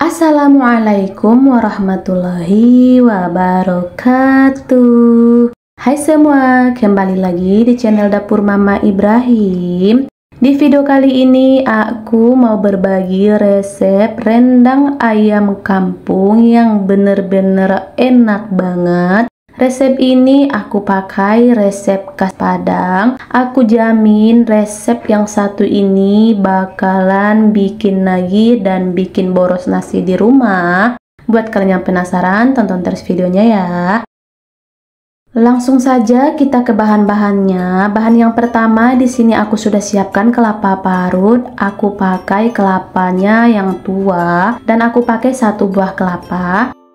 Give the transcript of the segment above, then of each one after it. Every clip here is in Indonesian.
Assalamualaikum warahmatullahi wabarakatuh Hai semua, kembali lagi di channel Dapur Mama Ibrahim Di video kali ini aku mau berbagi resep rendang ayam kampung yang bener-bener enak banget Resep ini aku pakai resep khas Padang. Aku jamin resep yang satu ini bakalan bikin nagi dan bikin boros nasi di rumah. Buat kalian yang penasaran, tonton terus videonya ya. Langsung saja kita ke bahan-bahannya. Bahan yang pertama di sini aku sudah siapkan kelapa parut. Aku pakai kelapanya yang tua dan aku pakai satu buah kelapa.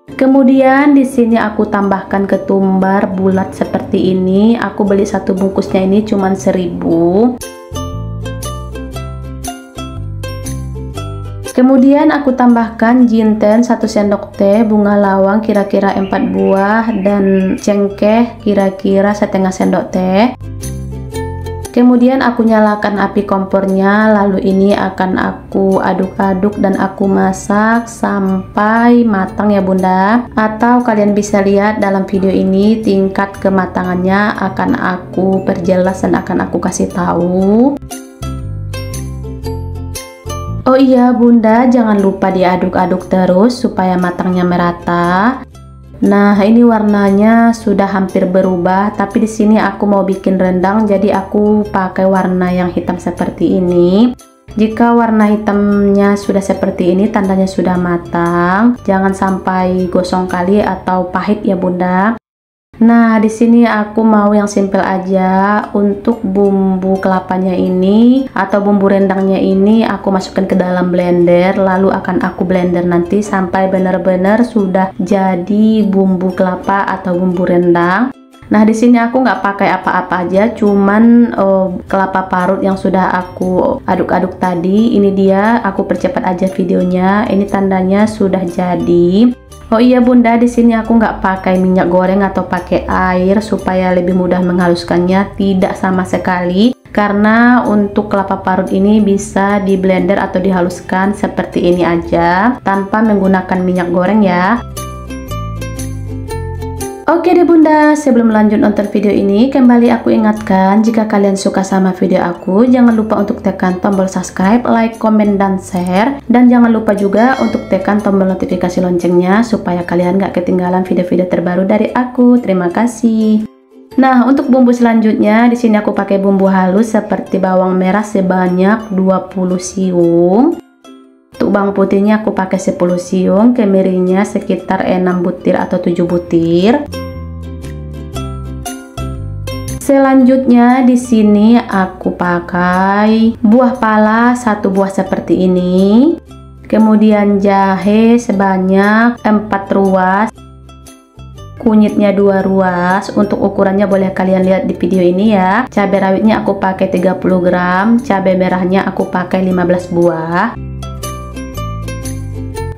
Kemudian di sini aku tambahkan ketumbar bulat seperti ini. Aku beli satu bungkusnya ini cuma seribu. Kemudian aku tambahkan jinten 1 sendok teh, bunga lawang kira-kira 4 buah dan cengkeh kira-kira setengah sendok teh kemudian aku nyalakan api kompornya lalu ini akan aku aduk-aduk dan aku masak sampai matang ya bunda atau kalian bisa lihat dalam video ini tingkat kematangannya akan aku perjelas dan akan aku kasih tahu Oh iya bunda jangan lupa diaduk-aduk terus supaya matangnya merata Nah, ini warnanya sudah hampir berubah, tapi di sini aku mau bikin rendang, jadi aku pakai warna yang hitam seperti ini. Jika warna hitamnya sudah seperti ini, tandanya sudah matang. Jangan sampai gosong kali atau pahit ya, Bunda. Nah, di sini aku mau yang simple aja. Untuk bumbu kelapanya ini atau bumbu rendangnya ini aku masukkan ke dalam blender lalu akan aku blender nanti sampai benar-benar sudah jadi bumbu kelapa atau bumbu rendang. Nah, di sini aku nggak pakai apa-apa aja, cuman uh, kelapa parut yang sudah aku aduk-aduk tadi. Ini dia, aku percepat aja videonya. Ini tandanya sudah jadi. Oh iya bunda, di sini aku nggak pakai minyak goreng atau pakai air supaya lebih mudah menghaluskannya, tidak sama sekali. Karena untuk kelapa parut ini bisa di blender atau dihaluskan seperti ini aja tanpa menggunakan minyak goreng ya. Oke deh bunda, sebelum lanjut nonton video ini, kembali aku ingatkan jika kalian suka sama video aku, jangan lupa untuk tekan tombol subscribe, like, komen, dan share. Dan jangan lupa juga untuk tekan tombol notifikasi loncengnya supaya kalian gak ketinggalan video-video terbaru dari aku. Terima kasih. Nah, untuk bumbu selanjutnya di sini aku pakai bumbu halus seperti bawang merah sebanyak 20 siung, untuk bawang putihnya aku pakai 10 siung, kemirinya sekitar 6 butir atau 7 butir. Selanjutnya di sini aku pakai buah pala satu buah seperti ini. Kemudian jahe sebanyak 4 ruas. Kunyitnya 2 ruas. Untuk ukurannya boleh kalian lihat di video ini ya. Cabai rawitnya aku pakai 30 gram, cabai merahnya aku pakai 15 buah.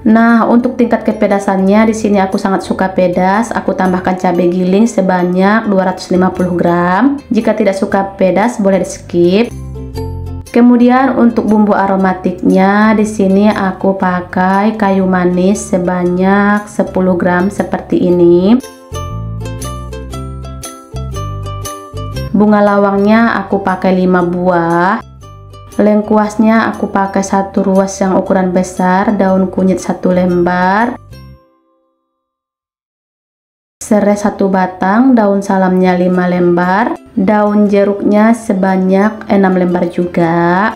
Nah, untuk tingkat kepedasannya di sini aku sangat suka pedas. Aku tambahkan cabai giling sebanyak 250 gram. Jika tidak suka pedas boleh di skip. Kemudian untuk bumbu aromatiknya di sini aku pakai kayu manis sebanyak 10 gram seperti ini. Bunga lawangnya aku pakai 5 buah lengkuasnya aku pakai satu ruas yang ukuran besar daun kunyit satu lembar serai satu batang daun salamnya lima lembar daun jeruknya sebanyak enam lembar juga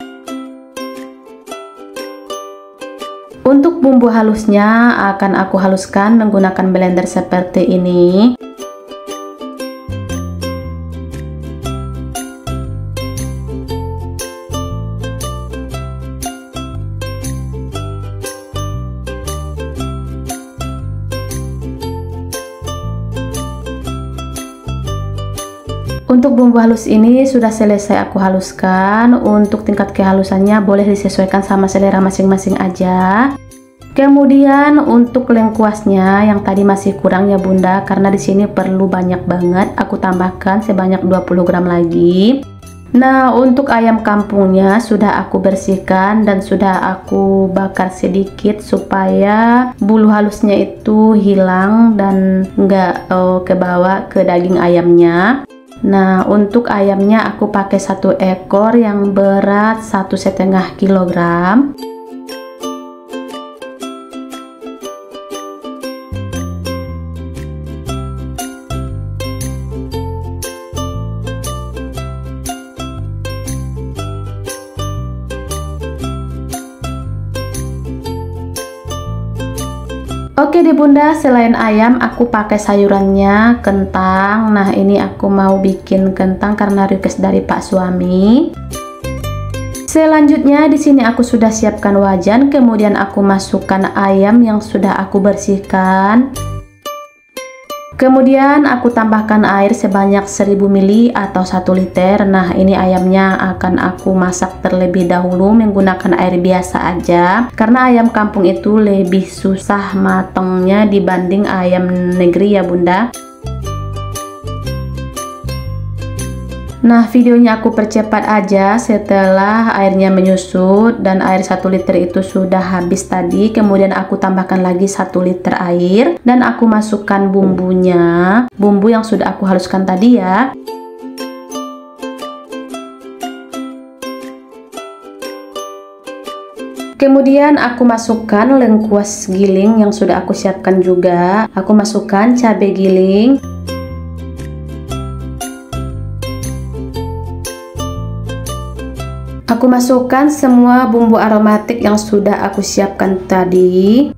untuk bumbu halusnya akan aku haluskan menggunakan blender seperti ini Untuk bumbu halus ini sudah selesai aku haluskan. Untuk tingkat kehalusannya boleh disesuaikan sama selera masing-masing aja. Kemudian untuk lengkuasnya yang tadi masih kurang ya Bunda karena di sini perlu banyak banget aku tambahkan sebanyak 20 gram lagi. Nah, untuk ayam kampungnya sudah aku bersihkan dan sudah aku bakar sedikit supaya bulu halusnya itu hilang dan nggak oh, kebawa ke daging ayamnya. Nah untuk ayamnya aku pakai satu ekor yang berat satu setengah kilogram Oke deh bunda, selain ayam aku pakai sayurannya kentang. Nah ini aku mau bikin kentang karena request dari pak suami. Selanjutnya di sini aku sudah siapkan wajan, kemudian aku masukkan ayam yang sudah aku bersihkan. Kemudian aku tambahkan air sebanyak 1000 ml atau 1 liter. Nah, ini ayamnya akan aku masak terlebih dahulu menggunakan air biasa aja karena ayam kampung itu lebih susah matangnya dibanding ayam negeri ya Bunda. Nah videonya aku percepat aja setelah airnya menyusut dan air 1 liter itu sudah habis tadi kemudian aku tambahkan lagi 1 liter air dan aku masukkan bumbunya bumbu yang sudah aku haluskan tadi ya Kemudian aku masukkan lengkuas giling yang sudah aku siapkan juga. Aku masukkan cabai giling, Aku masukkan semua bumbu aromatik yang sudah aku siapkan tadi.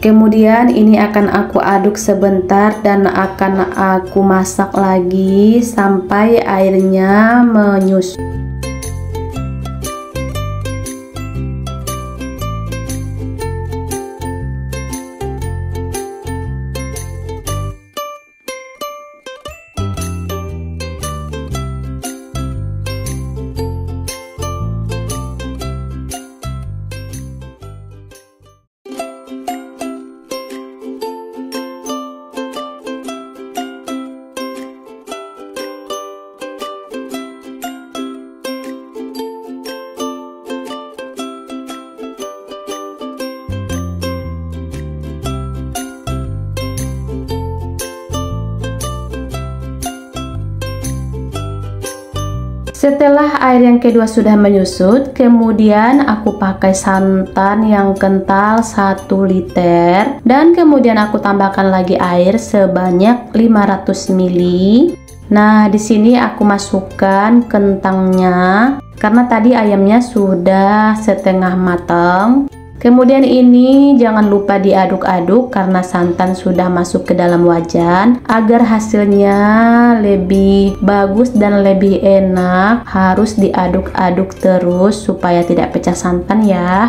Kemudian ini akan aku aduk sebentar dan akan aku masak lagi sampai airnya menyusut. air yang kedua sudah menyusut kemudian aku pakai santan yang kental 1 liter dan kemudian aku tambahkan lagi air sebanyak 500 ml nah di sini aku masukkan kentangnya karena tadi ayamnya sudah setengah matang Kemudian ini jangan lupa diaduk-aduk karena santan sudah masuk ke dalam wajan agar hasilnya lebih bagus dan lebih enak harus diaduk-aduk terus supaya tidak pecah santan ya.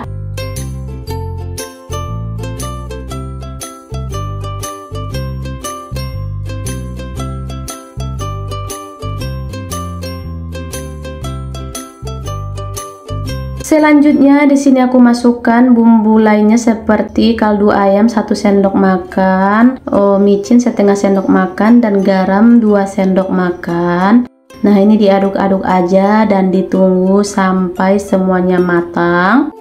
Selanjutnya di sini aku masukkan bumbu lainnya seperti kaldu ayam 1 sendok makan, oh, micin setengah sendok makan dan garam 2 sendok makan. Nah, ini diaduk-aduk aja dan ditunggu sampai semuanya matang.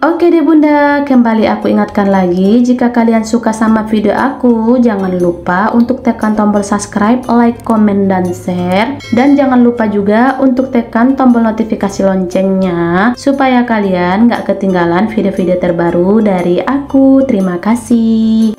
Oke deh bunda, kembali aku ingatkan lagi jika kalian suka sama video aku, jangan lupa untuk tekan tombol subscribe, like, komen, dan share. Dan jangan lupa juga untuk tekan tombol notifikasi loncengnya, supaya kalian gak ketinggalan video-video terbaru dari aku. Terima kasih.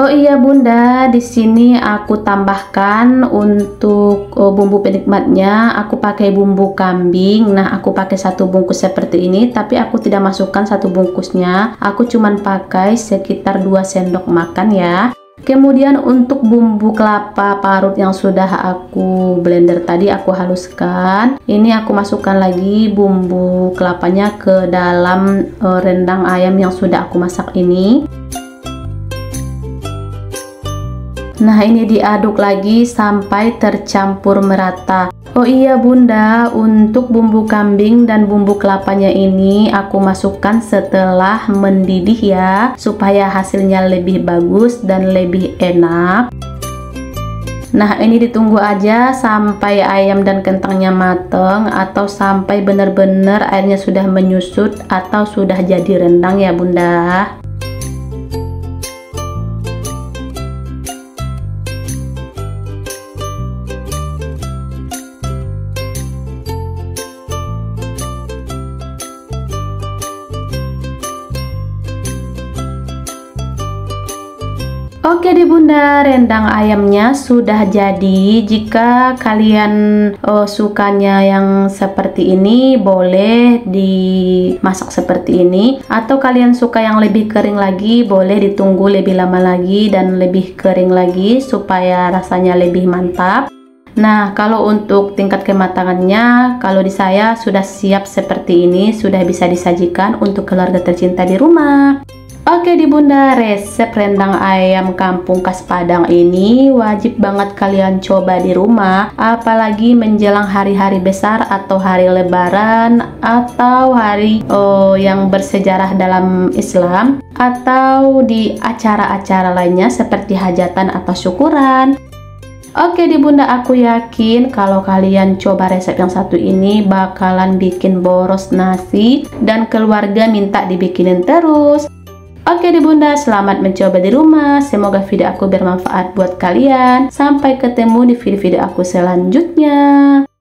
Oh iya Bunda, di sini aku tambahkan untuk oh, bumbu penikmatnya, aku pakai bumbu kambing. Nah, aku pakai satu bungkus seperti ini, tapi aku tidak masukkan satu bungkusnya. Aku cuman pakai sekitar 2 sendok makan ya. Kemudian untuk bumbu kelapa parut yang sudah aku blender tadi aku haluskan. Ini aku masukkan lagi bumbu kelapanya ke dalam eh, rendang ayam yang sudah aku masak ini. Nah ini diaduk lagi sampai tercampur merata Oh iya bunda untuk bumbu kambing dan bumbu kelapanya ini aku masukkan setelah mendidih ya Supaya hasilnya lebih bagus dan lebih enak Nah ini ditunggu aja sampai ayam dan kentangnya mateng atau sampai benar-benar airnya sudah menyusut atau sudah jadi rendang ya bunda bunda rendang ayamnya sudah jadi jika kalian oh, sukanya yang seperti ini boleh dimasak seperti ini atau kalian suka yang lebih kering lagi boleh ditunggu lebih lama lagi dan lebih kering lagi supaya rasanya lebih mantap Nah, kalau untuk tingkat kematangannya, kalau di saya sudah siap seperti ini, sudah bisa disajikan untuk keluarga tercinta di rumah. Oke di bunda, resep rendang ayam kampung khas Padang ini wajib banget kalian coba di rumah Apalagi menjelang hari-hari besar atau hari lebaran atau hari oh, yang bersejarah dalam Islam Atau di acara-acara lainnya seperti hajatan atau syukuran Oke di bunda aku yakin kalau kalian coba resep yang satu ini bakalan bikin boros nasi dan keluarga minta dibikinin terus Oke deh bunda, selamat mencoba di rumah. Semoga video aku bermanfaat buat kalian. Sampai ketemu di video-video aku selanjutnya.